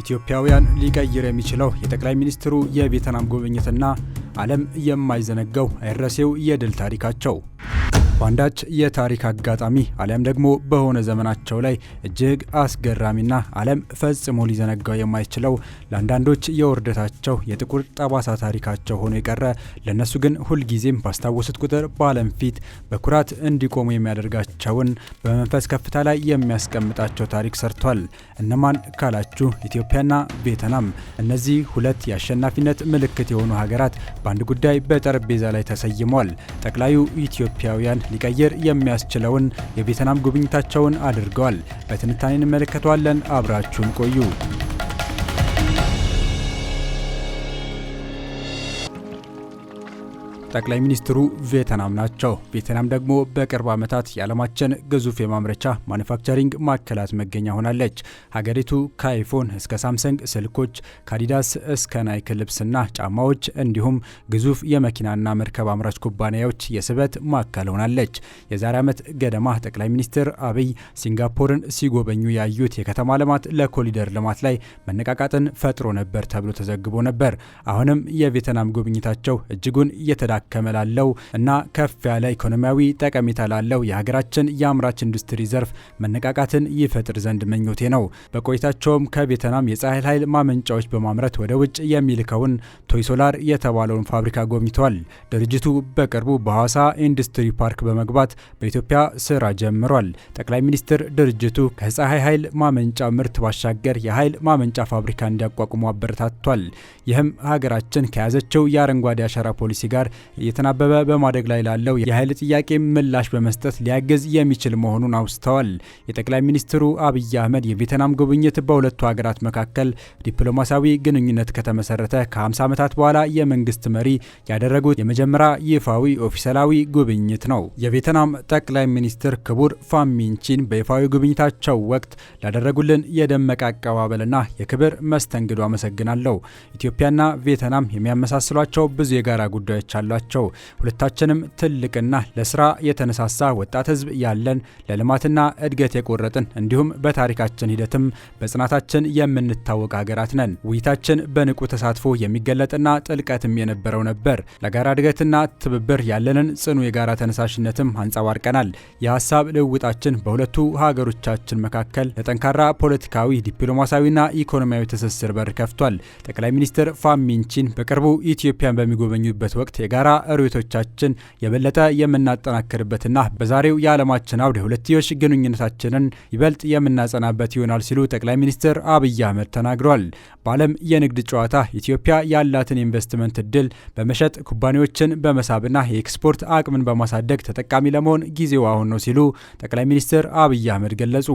ኢትዮጵያውያን ሊቀይር የሚችለው የጠቅላይ ሚኒስትሩ የቬትናም ጉብኝትና ዓለም የማይዘነጋው አይረሴው የድል ታሪካቸው በአንዳች የታሪክ አጋጣሚ አሊያም ደግሞ በሆነ ዘመናቸው ላይ እጅግ አስገራሚና ዓለም ፈጽሞ ሊዘነጋው የማይችለው ለአንዳንዶች የውርደታቸው የጥቁር ጠባሳ ታሪካቸው ሆኖ የቀረ ለእነሱ ግን ሁልጊዜም ባስታወሱት ቁጥር በዓለም ፊት በኩራት እንዲቆሙ የሚያደርጋቸውን በመንፈስ ከፍታ ላይ የሚያስቀምጣቸው ታሪክ ሰርቷል። እነማን ካላችሁ ኢትዮጵያና ቬትናም። እነዚህ ሁለት የአሸናፊነት ምልክት የሆኑ ሀገራት በአንድ ጉዳይ በጠረጴዛ ላይ ተሰይመዋል። ጠቅላዩ ኢትዮጵያውያን ሊቀይር የሚያስችለውን የቬትናም ጉብኝታቸውን አድርገዋል። በትንታኔ እንመለከተዋለን። አብራችሁን ቆዩ። ጠቅላይ ሚኒስትሩ ቬትናም ናቸው። ቬትናም ደግሞ በቅርብ ዓመታት የዓለማችን ግዙፍ የማምረቻ ማኑፋክቸሪንግ ማዕከላት መገኛ ሆናለች። ሀገሪቱ ከአይፎን እስከ ሳምሰንግ ስልኮች፣ ከአዲዳስ እስከ ናይክ ልብስና ጫማዎች እንዲሁም ግዙፍ የመኪናና መርከብ አምራች ኩባንያዎች የስበት ማዕከል ሆናለች። የዛሬ ዓመት ገደማ ጠቅላይ ሚኒስትር አብይ ሲንጋፖርን ሲጎበኙ ያዩት የከተማ ልማት ለኮሊደር ልማት ላይ መነቃቃትን ፈጥሮ ነበር ተብሎ ተዘግቦ ነበር። አሁንም የቬትናም ጉብኝታቸው እጅጉን እየተዳ እየተዳከመ ላለው እና ከፍ ያለ ኢኮኖሚያዊ ጠቀሜታ ላለው የሀገራችን የአምራች ኢንዱስትሪ ዘርፍ መነቃቃትን ይፈጥር ዘንድ ምኞቴ ነው። በቆይታቸውም ከቬትናም የፀሐይ ኃይል ማመንጫዎች በማምረት ወደ ውጭ የሚልከውን ቶይ ሶላር የተባለውን ፋብሪካ ጎብኝቷል። ድርጅቱ በቅርቡ በሐዋሳ ኢንዱስትሪ ፓርክ በመግባት በኢትዮጵያ ስራ ጀምሯል። ጠቅላይ ሚኒስትር ድርጅቱ ከፀሐይ ኃይል ማመንጫ ምርት ባሻገር የኃይል ማመንጫ ፋብሪካ እንዲያቋቁሙ አበረታቷል። ይህም ሀገራችን ከያዘችው የአረንጓዴ አሻራ ፖሊሲ ጋር እየተናበበ በማደግ ላይ ላለው የኃይል ጥያቄ ምላሽ በመስጠት ሊያገዝ የሚችል መሆኑን አውስተዋል። የጠቅላይ ሚኒስትሩ አብይ አህመድ የቬትናም ጉብኝት በሁለቱ ሀገራት መካከል ዲፕሎማሲያዊ ግንኙነት ከተመሰረተ ከ50 ዓመታት በኋላ የመንግስት መሪ ያደረጉት የመጀመሪያ ይፋዊ ኦፊሰላዊ ጉብኝት ነው። የቬትናም ጠቅላይ ሚኒስትር ክቡር ፋሚንቺን በይፋዊ ጉብኝታቸው ወቅት ላደረጉልን የደመቀ አቀባበልና የክብር መስተንግዶ አመሰግናለሁ። ኢትዮጵያና ቬትናም የሚያመሳስሏቸው ብዙ የጋራ ጉዳዮች አሏቸው። ናቸው። ሁለታችንም ትልቅና ለስራ የተነሳሳ ወጣት ህዝብ ያለን ለልማትና እድገት የቆረጥን እንዲሁም በታሪካችን ሂደትም በጽናታችን የምንታወቅ ሀገራት ነን። ውይይታችን በንቁ ተሳትፎ የሚገለጥና ጥልቀትም የነበረው ነበር። ለጋራ እድገትና ትብብር ያለንን ጽኑ የጋራ ተነሳሽነትም አንጸባርቀናል። የሀሳብ ልውውጣችን በሁለቱ ሀገሮቻችን መካከል ለጠንካራ ፖለቲካዊ፣ ዲፕሎማሲያዊና ኢኮኖሚያዊ ትስስር በር ከፍቷል። ጠቅላይ ሚኒስትር ፋሚንቺን በቅርቡ ኢትዮጵያን በሚጎበኙበት ወቅት የጋራ ርዕዮቶቻችን የበለጠ የምናጠናክርበትና በዛሬው የዓለማችን አውድ የሁለትዮሽ ግንኙነታችንን ይበልጥ የምናጸናበት ይሆናል ሲሉ ጠቅላይ ሚኒስትር አብይ አህመድ ተናግሯል። በዓለም የንግድ ጨዋታ ኢትዮጵያ ያላትን ኢንቨስትመንት እድል በመሸጥ ኩባንያዎችን በመሳብና የኤክስፖርት አቅምን በማሳደግ ተጠቃሚ ለመሆን ጊዜው አሁን ነው ሲሉ ጠቅላይ ሚኒስትር አብይ አህመድ ገለጹ።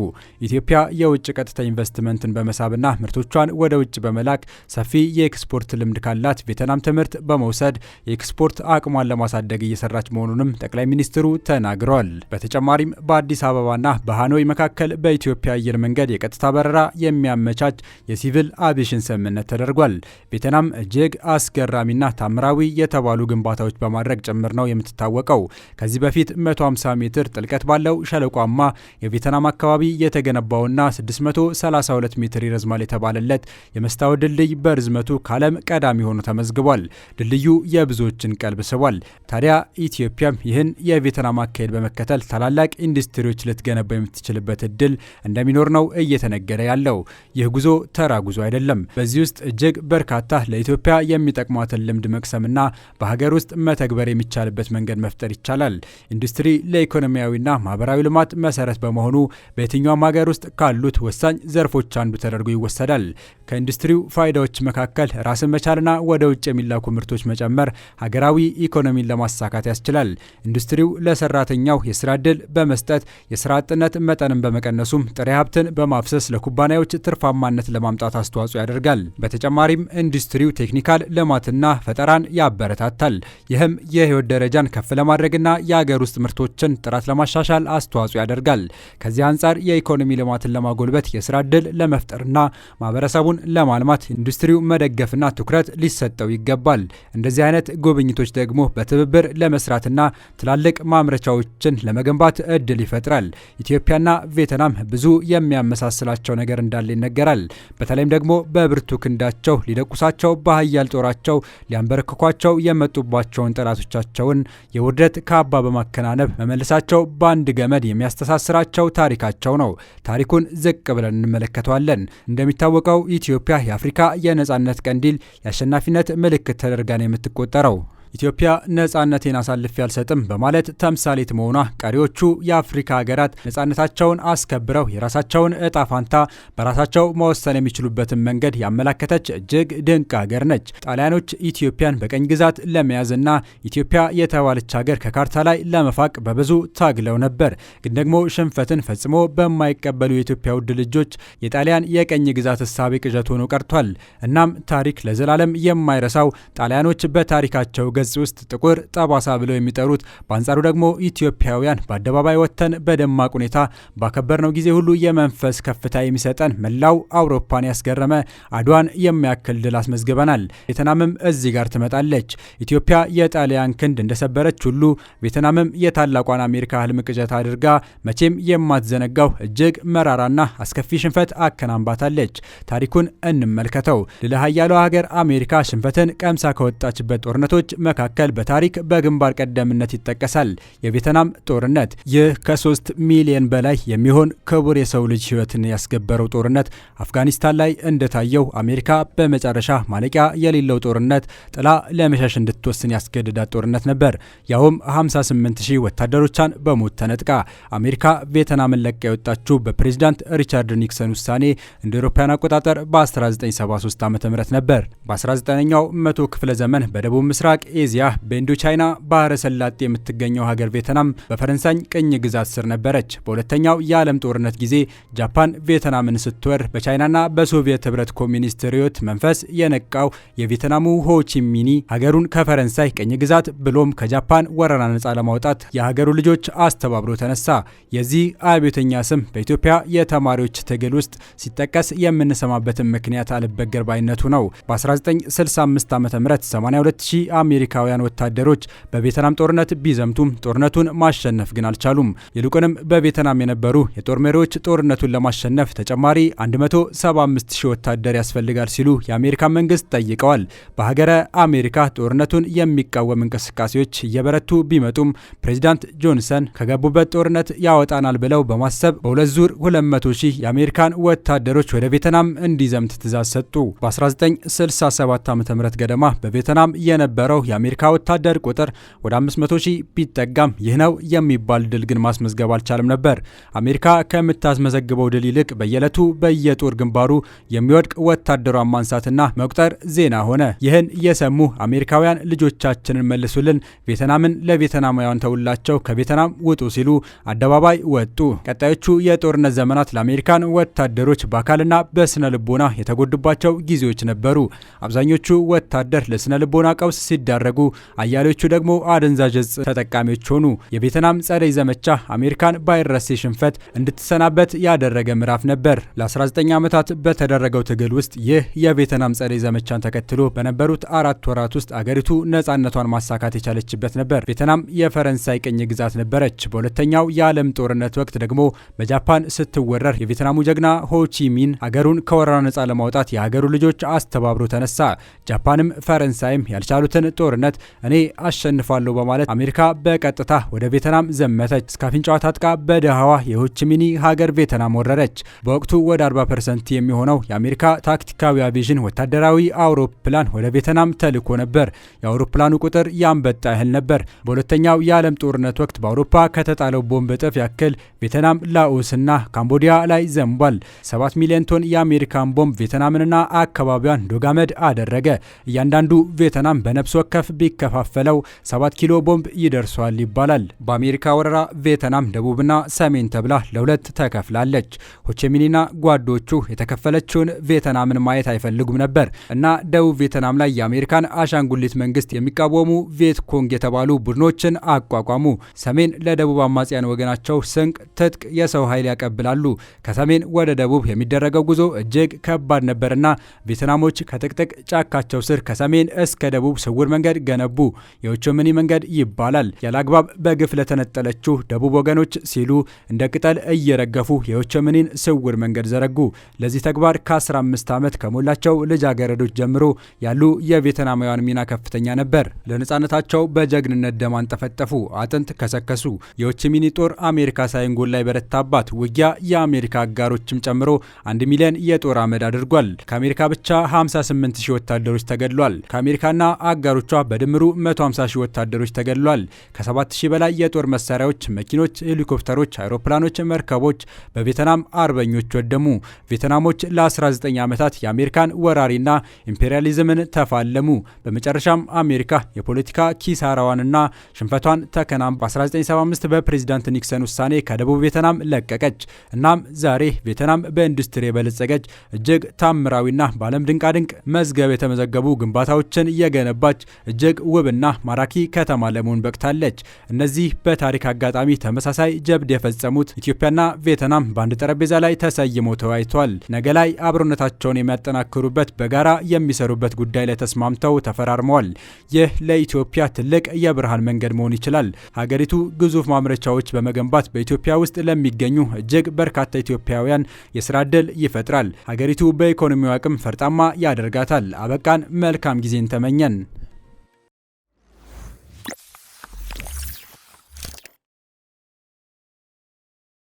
ኢትዮጵያ የውጭ ቀጥታ ኢንቨስትመንትን በመሳብና ምርቶቿን ወደ ውጭ በመላክ ሰፊ የኤክስፖርት ልምድ ካላት ቬትናም ትምህርት በመውሰድ የኤክስፖርት አቅሟን ለማሳደግ እየሰራች መሆኑንም ጠቅላይ ሚኒስትሩ ተናግረዋል። በተጨማሪም በአዲስ አበባና በሃኖይ መካከል በኢትዮጵያ አየር መንገድ የቀጥታ በረራ የሚያመቻች የሲቪል አቪሽን ስምምነት ተደርጓል። ቬትናም እጅግ አስገራሚና ታምራዊ የተባሉ ግንባታዎች በማድረግ ጭምር ነው የምትታወቀው። ከዚህ በፊት 150 ሜትር ጥልቀት ባለው ሸለቋማ የቬትናም አካባቢ የተገነባውና 632 ሜትር ይረዝማል የተባለለት የመስታወት ድልድይ በርዝመቱ ከዓለም ቀዳሚ ሆኖ ተመዝግቧል። ድልድዩ የብዙዎችን ቀልብ አልብሰዋል። ታዲያ ኢትዮጵያም ይህን የቬትናም አካሄድ በመከተል ታላላቅ ኢንዱስትሪዎች ልትገነባ የምትችልበት እድል እንደሚኖር ነው እየተነገረ ያለው። ይህ ጉዞ ተራ ጉዞ አይደለም። በዚህ ውስጥ እጅግ በርካታ ለኢትዮጵያ የሚጠቅሟትን ልምድ መቅሰምና በሀገር ውስጥ መተግበር የሚቻልበት መንገድ መፍጠር ይቻላል። ኢንዱስትሪ ለኢኮኖሚያዊና ማህበራዊ ልማት መሰረት በመሆኑ በየትኛውም ሀገር ውስጥ ካሉት ወሳኝ ዘርፎች አንዱ ተደርጎ ይወሰዳል። ከኢንዱስትሪው ፋይዳዎች መካከል ራስን መቻልና ወደ ውጭ የሚላኩ ምርቶች መጨመር፣ ሀገራዊ ኢኮኖሚን ለማሳካት ያስችላል። ኢንዱስትሪው ለሰራተኛው የስራ ዕድል በመስጠት የስራ አጥነት መጠንን በመቀነሱም ጥሬ ሀብትን በማፍሰስ ለኩባንያዎች ትርፋማነት ለማምጣት አስተዋጽኦ ያደርጋል። በተጨማሪም ኢንዱስትሪው ቴክኒካል ልማትና ፈጠራን ያበረታታል። ይህም የህይወት ደረጃን ከፍ ለማድረግና የአገር ውስጥ ምርቶችን ጥራት ለማሻሻል አስተዋጽኦ ያደርጋል። ከዚህ አንጻር የኢኮኖሚ ልማትን ለማጎልበት የስራ ዕድል ለመፍጠርና ማህበረሰቡን ለማልማት ኢንዱስትሪው መደገፍና ትኩረት ሊሰጠው ይገባል። እንደዚህ አይነት ጉብኝቶች ደግሞ በትብብር ለመስራትና ትላልቅ ማምረቻዎችን ለመገንባት እድል ይፈጥራል። ኢትዮጵያና ቬትናም ብዙ የሚያመሳስላቸው ነገር እንዳለ ይነገራል። በተለይም ደግሞ በብርቱ ክንዳቸው ሊደቁሳቸው በሀያል ጦራቸው ሊያንበረክኳቸው የመጡባቸውን ጠላቶቻቸውን የውርደት ካባ በማከናነብ መመልሳቸው በአንድ ገመድ የሚያስተሳስራቸው ታሪካቸው ነው። ታሪኩን ዝቅ ብለን እንመለከተዋለን። እንደሚታወቀው ኢትዮጵያ የአፍሪካ የነጻነት ቀንዲል የአሸናፊነት ምልክት ተደርጋ ነው የምትቆጠረው። ኢትዮጵያ ነጻነቴን አሳልፌ አልሰጥም በማለት ተምሳሌት መሆኗ ቀሪዎቹ የአፍሪካ ሀገራት ነጻነታቸውን አስከብረው የራሳቸውን እጣ ፋንታ በራሳቸው መወሰን የሚችሉበትን መንገድ ያመላከተች እጅግ ድንቅ ሀገር ነች። ጣሊያኖች ኢትዮጵያን በቀኝ ግዛት ለመያዝና ኢትዮጵያ የተባለች ሀገር ከካርታ ላይ ለመፋቅ በብዙ ታግለው ነበር። ግን ደግሞ ሽንፈትን ፈጽሞ በማይቀበሉ የኢትዮጵያ ውድ ልጆች የጣሊያን የቀኝ ግዛት እሳቤ ቅዠት ሆኖ ቀርቷል። እናም ታሪክ ለዘላለም የማይረሳው ጣሊያኖች በታሪካቸው ገ ገጽ ውስጥ ጥቁር ጠባሳ ብለው የሚጠሩት፣ በአንጻሩ ደግሞ ኢትዮጵያውያን በአደባባይ ወጥተን በደማቅ ሁኔታ ባከበርነው ጊዜ ሁሉ የመንፈስ ከፍታ የሚሰጠን መላው አውሮፓን ያስገረመ አድዋን የሚያክል ድል አስመዝግበናል። ቬትናምም እዚህ ጋር ትመጣለች። ኢትዮጵያ የጣሊያን ክንድ እንደሰበረች ሁሉ ቬትናምም የታላቋን አሜሪካ ህልም ቅዠት አድርጋ መቼም የማትዘነጋው እጅግ መራራና አስከፊ ሽንፈት አከናንባታለች። ታሪኩን እንመልከተው። ልለሀያሏ ሀገር አሜሪካ ሽንፈትን ቀምሳ ከወጣችበት ጦርነቶች መካከል በታሪክ በግንባር ቀደምነት ይጠቀሳል። የቬትናም ጦርነት ይህ ከሶስት ሚሊዮን በላይ የሚሆን ክቡር የሰው ልጅ ህይወትን ያስገበረው ጦርነት አፍጋኒስታን ላይ እንደታየው አሜሪካ በመጨረሻ ማለቂያ የሌለው ጦርነት ጥላ ለመሻሽ እንድትወስን ያስገድዳት ጦርነት ነበር። ያውም 58 ሺህ ወታደሮቿን በሞት ተነጥቃ አሜሪካ ቬትናምን ለቃ የወጣችው በፕሬዚዳንት ሪቻርድ ኒክሰን ውሳኔ እንደ አውሮፓውያን አቆጣጠር በ1973 ዓ ም ነበር። በ19ኛው መቶ ክፍለ ዘመን በደቡብ ምስራቅ ኤዚያ ቻይና ባህረ ሰላጤ የምትገኘው ሀገር ቬትናም በፈረንሳይ ቅኝ ግዛት ስር ነበረች። በሁለተኛው የዓለም ጦርነት ጊዜ ጃፓን ቬትናምን ስትወር በቻይናና በሶቪየት ህብረት ኮሚኒስት ርዕዮት መንፈስ የነቃው የቬትናሙ ሆቺሚኒ ሀገሩን ከፈረንሳይ ቅኝ ግዛት ብሎም ከጃፓን ወረራ ነጻ ለማውጣት የሀገሩ ልጆች አስተባብሮ ተነሳ። የዚህ አብዮተኛ ስም በኢትዮጵያ የተማሪዎች ትግል ውስጥ ሲጠቀስ የምንሰማበትን ምክንያት አልበገር ባይነቱ ነው። በ1965 ዓ ም 82 ሺህ አሜሪካውያን ወታደሮች በቬትናም ጦርነት ቢዘምቱም ጦርነቱን ማሸነፍ ግን አልቻሉም። ይልቁንም በቬትናም የነበሩ የጦር መሪዎች ጦርነቱን ለማሸነፍ ተጨማሪ 175 ሺህ ወታደር ያስፈልጋል ሲሉ የአሜሪካ መንግስት ጠይቀዋል። በሀገረ አሜሪካ ጦርነቱን የሚቃወም እንቅስቃሴዎች እየበረቱ ቢመጡም ፕሬዚዳንት ጆንሰን ከገቡበት ጦርነት ያወጣናል ብለው በማሰብ በሁለት ዙር 200 ሺህ የአሜሪካን ወታደሮች ወደ ቬትናም እንዲዘምት ትእዛዝ ሰጡ። በ1967 ዓ ም ገደማ በቬትናም የነበረው የ የአሜሪካ ወታደር ቁጥር ወደ 500 ሺህ ቢጠጋም ይህ ነው የሚባል ድል ግን ማስመዝገብ አልቻለም ነበር። አሜሪካ ከምታስመዘግበው ድል ይልቅ በየዕለቱ በየጦር ግንባሩ የሚወድቅ ወታደሯን ማንሳትና መቁጠር ዜና ሆነ። ይህን የሰሙ አሜሪካውያን ልጆቻችንን መልሱልን፣ ቬትናምን ለቬትናማውያን ተውላቸው፣ ከቬትናም ውጡ ሲሉ አደባባይ ወጡ። ቀጣዮቹ የጦርነት ዘመናት ለአሜሪካን ወታደሮች በአካልና በስነ ልቦና የተጎዱባቸው ጊዜዎች ነበሩ። አብዛኞቹ ወታደር ለስነ ልቦና ቀውስ ሲዳረ ሲዳረጉ አያሌዎቹ ደግሞ አደንዛዥ እጽ ተጠቃሚዎች ሆኑ። የቬትናም ጸደይ ዘመቻ አሜሪካን ባይረሴ ሽንፈት እንድትሰናበት ያደረገ ምዕራፍ ነበር። ለ19 ዓመታት በተደረገው ትግል ውስጥ ይህ የቬትናም ጸደይ ዘመቻን ተከትሎ በነበሩት አራት ወራት ውስጥ አገሪቱ ነፃነቷን ማሳካት የቻለችበት ነበር። ቬትናም የፈረንሳይ ቅኝ ግዛት ነበረች። በሁለተኛው የዓለም ጦርነት ወቅት ደግሞ በጃፓን ስትወረር የቬትናሙ ጀግና ሆቺሚን አገሩን ከወረራ ነፃ ለማውጣት የሀገሩ ልጆች አስተባብሮ ተነሳ። ጃፓንም ፈረንሳይም ያልቻሉትን ጦር ጦርነት እኔ አሸንፋለሁ በማለት አሜሪካ በቀጥታ ወደ ቬትናም ዘመተች። እስካፊንጫዋ ታጥቃ በደሃዋ የሆችሚኒ ሀገር ቬትናም ወረረች። በወቅቱ ወደ 40 ፐርሰንት የሚሆነው የአሜሪካ ታክቲካዊ አቪዥን ወታደራዊ አውሮፕላን ወደ ቬትናም ተልኮ ነበር። የአውሮፕላኑ ቁጥር ያንበጣ ያህል ነበር። በሁለተኛው የዓለም ጦርነት ወቅት በአውሮፓ ከተጣለው ቦምብ እጥፍ ያክል ቬትናም፣ ላኦስና ካምቦዲያ ላይ ዘንቧል። 7 ሚሊዮን ቶን የአሜሪካን ቦምብ ቬትናምንና አካባቢዋን ዶጋመድ አደረገ። እያንዳንዱ ቬትናም በነፍስ ወከፍ በማለፍ ቢከፋፈለው 7 ኪሎ ቦምብ ይደርሷል ይባላል። በአሜሪካ ወረራ ቬትናም ደቡብና ሰሜን ተብላ ለሁለት ተከፍላለች። ሆቼሚኒና ጓዶቹ የተከፈለችውን ቬትናምን ማየት አይፈልጉም ነበር እና ደቡብ ቬትናም ላይ የአሜሪካን አሻንጉሊት መንግስት የሚቃወሙ ቬት ኮንግ የተባሉ ቡድኖችን አቋቋሙ። ሰሜን ለደቡብ አማጽያን ወገናቸው ስንቅ፣ ትጥቅ፣ የሰው ኃይል ያቀብላሉ። ከሰሜን ወደ ደቡብ የሚደረገው ጉዞ እጅግ ከባድ ነበርና ቬትናሞች ከጥቅጥቅ ጫካቸው ስር ከሰሜን እስከ ደቡብ ስውር መንገድ መንገድ ገነቡ። የኦቾሚኒ መንገድ ይባላል። ያለአግባብ በግፍ ለተነጠለችው ደቡብ ወገኖች ሲሉ እንደ ቅጠል እየረገፉ የኦቾሚኒን ስውር መንገድ ዘረጉ። ለዚህ ተግባር ከ15 ዓመት ከሞላቸው ልጃገረዶች ጀምሮ ያሉ የቬትናማውያን ሚና ከፍተኛ ነበር። ለነፃነታቸው በጀግንነት ደም አንጠፈጠፉ፣ አጥንት ከሰከሱ። የኦቾሚኒ ጦር አሜሪካ ሳይንጎል ላይ በረታባት ውጊያ የአሜሪካ አጋሮችም ጨምሮ አንድ ሚሊዮን የጦር አመድ አድርጓል። ከአሜሪካ ብቻ 58 ሺህ ወታደሮች ተገድሏል። ከአሜሪካና አጋሮቿ በድምሩ 150 ሺህ ወታደሮች ተገድሏል። ከ7000 በላይ የጦር መሳሪያዎች፣ መኪኖች፣ ሄሊኮፕተሮች፣ አይሮፕላኖች፣ መርከቦች በቬትናም አርበኞች ወደሙ። ቬትናሞች ለ19 ዓመታት የአሜሪካን ወራሪና ኢምፔሪያሊዝምን ተፋለሙ። በመጨረሻም አሜሪካ የፖለቲካ ኪሳራዋንና ሽንፈቷን ተከናም በ1975 በፕሬዚዳንት ኒክሰን ውሳኔ ከደቡብ ቬትናም ለቀቀች። እናም ዛሬ ቬትናም በኢንዱስትሪ የበለጸገች እጅግ ታምራዊና በዓለም ድንቃድንቅ መዝገብ የተመዘገቡ ግንባታዎችን የገነባች እጅግ ውብና ማራኪ ከተማ ለመሆን በቅታለች። እነዚህ በታሪክ አጋጣሚ ተመሳሳይ ጀብድ የፈጸሙት ኢትዮጵያና ቬትናም በአንድ ጠረጴዛ ላይ ተሰይመው ተወያይቷል። ነገ ላይ አብሮነታቸውን የሚያጠናክሩበት በጋራ የሚሰሩበት ጉዳይ ላይ ተስማምተው ተፈራርመዋል። ይህ ለኢትዮጵያ ትልቅ የብርሃን መንገድ መሆን ይችላል። ሀገሪቱ ግዙፍ ማምረቻዎች በመገንባት በኢትዮጵያ ውስጥ ለሚገኙ እጅግ በርካታ ኢትዮጵያውያን የስራ ዕድል ይፈጥራል። ሀገሪቱ በኢኮኖሚው አቅም ፈርጣማ ያደርጋታል። አበቃን። መልካም ጊዜን ተመኘን።